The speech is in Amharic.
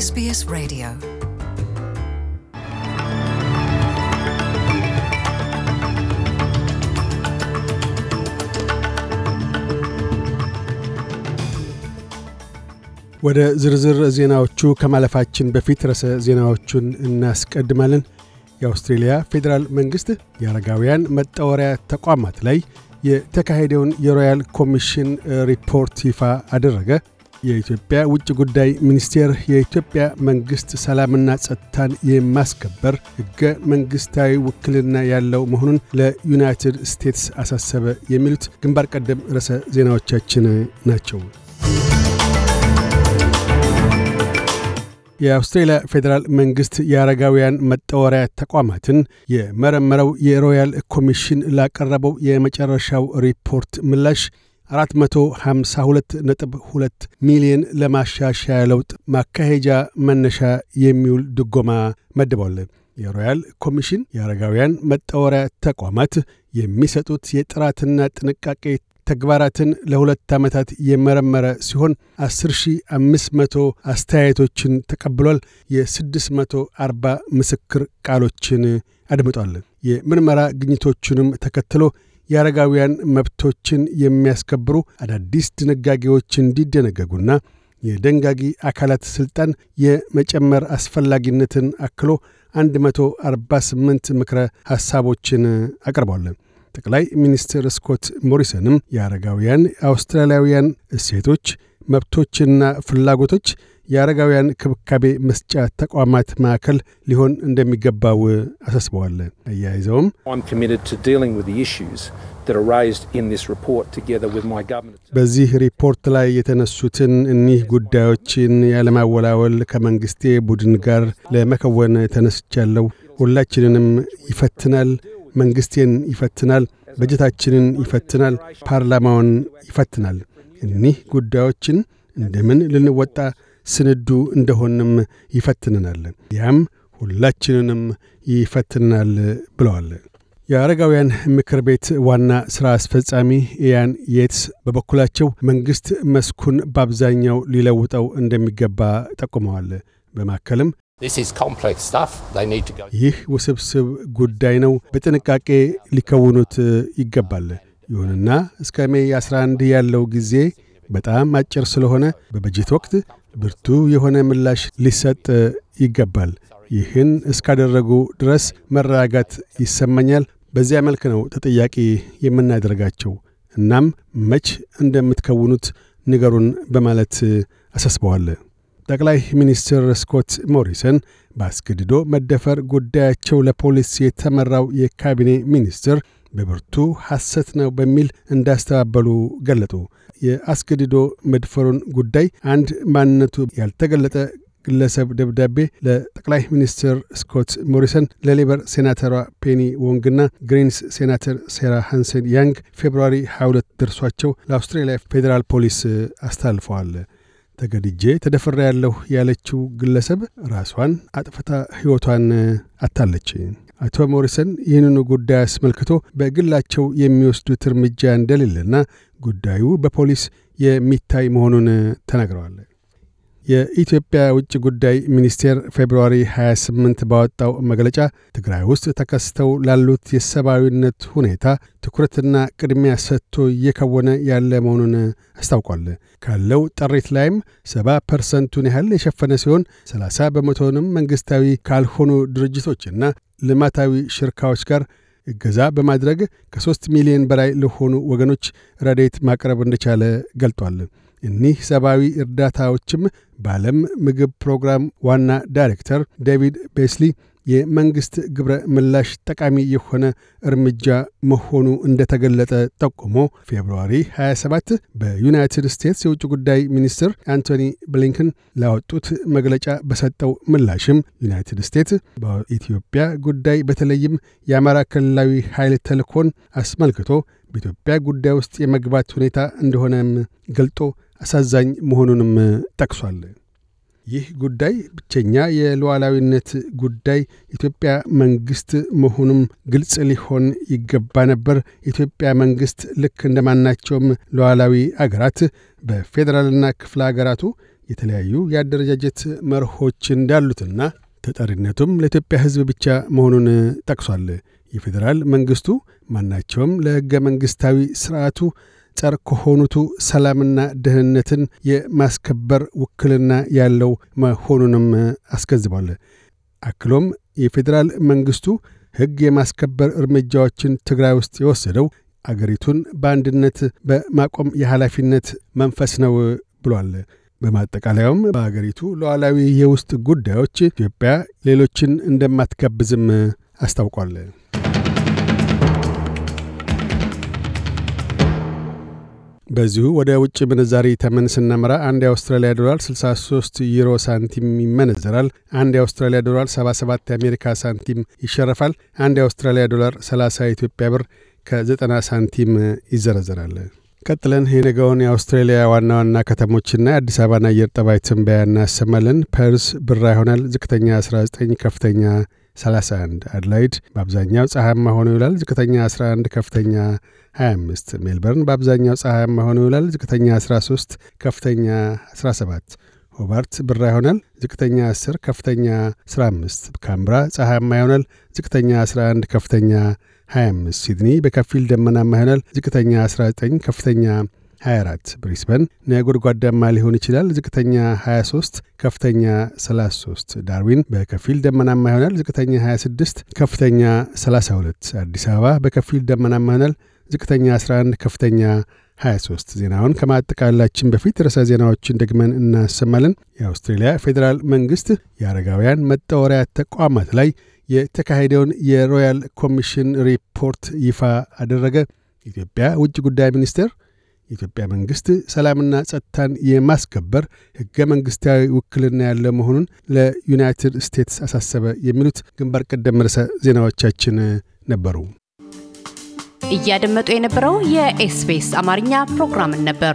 SBS Radio ወደ ዝርዝር ዜናዎቹ ከማለፋችን በፊት ረሰ ዜናዎቹን እናስቀድማለን። የአውስትሬልያ ፌዴራል መንግሥት የአረጋውያን መጣወሪያ ተቋማት ላይ የተካሄደውን የሮያል ኮሚሽን ሪፖርት ይፋ አደረገ። የኢትዮጵያ ውጭ ጉዳይ ሚኒስቴር የኢትዮጵያ መንግሥት ሰላምና ጸጥታን የማስከበር ሕገ መንግሥታዊ ውክልና ያለው መሆኑን ለዩናይትድ ስቴትስ አሳሰበ። የሚሉት ግንባር ቀደም ርዕሰ ዜናዎቻችን ናቸው። የአውስትሬልያ ፌዴራል መንግሥት የአረጋውያን መጠወሪያ ተቋማትን የመረመረው የሮያል ኮሚሽን ላቀረበው የመጨረሻው ሪፖርት ምላሽ 452.2 ሚሊዮን ለማሻሻያ ለውጥ ማካሄጃ መነሻ የሚውል ድጎማ መድቧል። የሮያል ኮሚሽን የአረጋውያን መጣወሪያ ተቋማት የሚሰጡት የጥራትና ጥንቃቄ ተግባራትን ለሁለት ዓመታት የመረመረ ሲሆን 10500 አስተያየቶችን ተቀብሏል። የ640 ምስክር ቃሎችን አድምጧል። የምርመራ ግኝቶቹንም ተከትሎ የአረጋውያን መብቶችን የሚያስከብሩ አዳዲስ ድንጋጌዎች እንዲደነገጉና የደንጋጊ አካላት ሥልጣን የመጨመር አስፈላጊነትን አክሎ 148 ምክረ ሐሳቦችን አቅርቧል። ጠቅላይ ሚኒስትር ስኮት ሞሪሰንም የአረጋውያን አውስትራሊያውያን እሴቶች መብቶችና ፍላጎቶች የአረጋውያን ክብካቤ መስጫ ተቋማት ማዕከል ሊሆን እንደሚገባው አሳስበዋል። አያይዘውም በዚህ ሪፖርት ላይ የተነሱትን እኒህ ጉዳዮችን ያለማወላወል ከመንግሥቴ ቡድን ጋር ለመከወን ተነስቻለሁ። ሁላችንንም ይፈትናል። መንግሥቴን ይፈትናል። በጀታችንን ይፈትናል። ፓርላማውን ይፈትናል። እኒህ ጉዳዮችን እንደምን ልንወጣ ስንዱ እንደሆንም ይፈትንናል። ያም ሁላችንንም ይፈትንናል ብለዋል። የአረጋውያን ምክር ቤት ዋና ሥራ አስፈጻሚ ኢያን የትስ በበኩላቸው መንግሥት መስኩን በአብዛኛው ሊለውጠው እንደሚገባ ጠቁመዋል። በማከልም ይህ ውስብስብ ጉዳይ ነው፣ በጥንቃቄ ሊከውኑት ይገባል። ይሁንና እስከ ሜይ 11 ያለው ጊዜ በጣም አጭር ስለሆነ በበጀት ወቅት ብርቱ የሆነ ምላሽ ሊሰጥ ይገባል። ይህን እስካደረጉ ድረስ መረጋጋት ይሰማኛል። በዚያ መልክ ነው ተጠያቂ የምናደርጋቸው። እናም መች እንደምትከውኑት ንገሩን በማለት አሳስበዋል። ጠቅላይ ሚኒስትር ስኮት ሞሪሰን በአስገድዶ መደፈር ጉዳያቸው ለፖሊስ የተመራው የካቢኔ ሚኒስትር በብርቱ ሐሰት ነው በሚል እንዳስተባበሉ ገለጡ። የአስገድዶ መድፈሩን ጉዳይ አንድ ማንነቱ ያልተገለጠ ግለሰብ ደብዳቤ ለጠቅላይ ሚኒስትር ስኮት ሞሪሰን፣ ለሌበር ሴናተሯ ፔኒ ዎንግና ግሪንስ ሴናተር ሴራ ሃንሰን ያንግ ፌብርዋሪ 22 ደርሷቸው ለአውስትራሊያ ፌዴራል ፖሊስ አስታልፈዋል። ተገድጄ ተደፈራ ያለሁ ያለችው ግለሰብ ራሷን አጥፍታ ሕይወቷን አታለች። አቶ ሞሪሰን ይህንኑ ጉዳይ አስመልክቶ በግላቸው የሚወስዱት እርምጃ እንደሌለና ጉዳዩ በፖሊስ የሚታይ መሆኑን ተናግረዋል። የኢትዮጵያ ውጭ ጉዳይ ሚኒስቴር ፌብርዋሪ 28 ባወጣው መግለጫ ትግራይ ውስጥ ተከስተው ላሉት የሰብአዊነት ሁኔታ ትኩረትና ቅድሚያ ሰጥቶ እየከወነ ያለ መሆኑን አስታውቋል። ካለው ጥሪት ላይም 70 ፐርሰንቱን ያህል የሸፈነ ሲሆን 30 በመቶንም መንግሥታዊ ካልሆኑ ድርጅቶችና ልማታዊ ሽርካዎች ጋር እገዛ በማድረግ ከሦስት ሚሊዮን በላይ ለሆኑ ወገኖች ረዴት ማቅረብ እንደቻለ ገልጧል። እኒህ ሰብአዊ እርዳታዎችም በዓለም ምግብ ፕሮግራም ዋና ዳይሬክተር ዴቪድ ቤስሊ የመንግሥት ግብረ ምላሽ ጠቃሚ የሆነ እርምጃ መሆኑ እንደተገለጠ ጠቁሞ ፌብርዋሪ 27 በዩናይትድ ስቴትስ የውጭ ጉዳይ ሚኒስትር አንቶኒ ብሊንከን ላወጡት መግለጫ በሰጠው ምላሽም ዩናይትድ ስቴትስ በኢትዮጵያ ጉዳይ በተለይም የአማራ ክልላዊ ኃይል ተልኮን አስመልክቶ በኢትዮጵያ ጉዳይ ውስጥ የመግባት ሁኔታ እንደሆነም ገልጦ አሳዛኝ መሆኑንም ጠቅሷል። ይህ ጉዳይ ብቸኛ የሉዓላዊነት ጉዳይ ኢትዮጵያ መንግስት መሆኑም ግልጽ ሊሆን ይገባ ነበር። ኢትዮጵያ መንግስት ልክ እንደማናቸውም ሉዓላዊ አገራት በፌዴራልና ክፍለ አገራቱ የተለያዩ የአደረጃጀት መርሆች እንዳሉትና ተጠሪነቱም ለኢትዮጵያ ሕዝብ ብቻ መሆኑን ጠቅሷል። የፌዴራል መንግስቱ ማናቸውም ለሕገ መንግሥታዊ ሥርዓቱ ጸር ከሆኑቱ ሰላምና ደህንነትን የማስከበር ውክልና ያለው መሆኑንም አስገንዝቧል። አክሎም የፌዴራል መንግስቱ ሕግ የማስከበር እርምጃዎችን ትግራይ ውስጥ የወሰደው አገሪቱን በአንድነት በማቆም የኃላፊነት መንፈስ ነው ብሏል። በማጠቃለያውም በአገሪቱ ሉዓላዊ የውስጥ ጉዳዮች ኢትዮጵያ ሌሎችን እንደማትጋብዝም አስታውቋል። በዚሁ ወደ ውጭ ምንዛሪ ተመን ስናመራ አንድ የአውስትራሊያ ዶላር 63 ዩሮ ሳንቲም ይመነዘራል። አንድ የአውስትራሊያ ዶላር 77 የአሜሪካ ሳንቲም ይሸረፋል። አንድ የአውስትራሊያ ዶላር 30 የኢትዮጵያ ብር ከ90 ሳንቲም ይዘረዘራል። ቀጥለን የነገውን የአውስትራሊያ ዋና ዋና ከተሞችና የአዲስ አበባን አየር ጠባይ ትንበያ እናሰማለን። ፐርስ ብራ ይሆናል። ዝቅተኛ 19፣ ከፍተኛ 31 አድላይድ በአብዛኛው ፀሐያማ ሆኖ ይውላል። ዝቅተኛ 11 ከፍተኛ 25 ሜልበርን በአብዛኛው ፀሐያማ ሆኖ ይውላል። ዝቅተኛ 13 ከፍተኛ 17 ሆባርት ብራ ይሆናል። ዝቅተኛ 10 ከፍተኛ 15 ካምብራ ፀሐያማ ይሆናል። ዝቅተኛ 11 ከፍተኛ 25 ሲድኒ በከፊል ደመናማ ይሆናል። ዝቅተኛ 19 ከፍተኛ 24 ብሪስበን ነጎድጓዳማ ሊሆን ይችላል። ዝቅተኛ 23 ከፍተኛ 33 ዳርዊን በከፊል ደመናማ ይሆናል። ዝቅተኛ 26 ከፍተኛ 32 አዲስ አበባ በከፊል ደመናማ ይሆናል። ዝቅተኛ 11 ከፍተኛ 23 ዜናውን ከማጠቃላችን በፊት ርዕሰ ዜናዎችን ደግመን እናሰማለን። የአውስትሬልያ ፌዴራል መንግሥት የአረጋውያን መጠወሪያ ተቋማት ላይ የተካሄደውን የሮያል ኮሚሽን ሪፖርት ይፋ አደረገ። ኢትዮጵያ ውጭ ጉዳይ ሚኒስቴር የኢትዮጵያ መንግሥት ሰላምና ጸጥታን የማስከበር ሕገ መንግሥታዊ ውክልና ያለ መሆኑን ለዩናይትድ ስቴትስ አሳሰበ። የሚሉት ግንባር ቀደም ርዕሰ ዜናዎቻችን ነበሩ። እያደመጡ የነበረው የኤስቢኤስ አማርኛ ፕሮግራምን ነበር።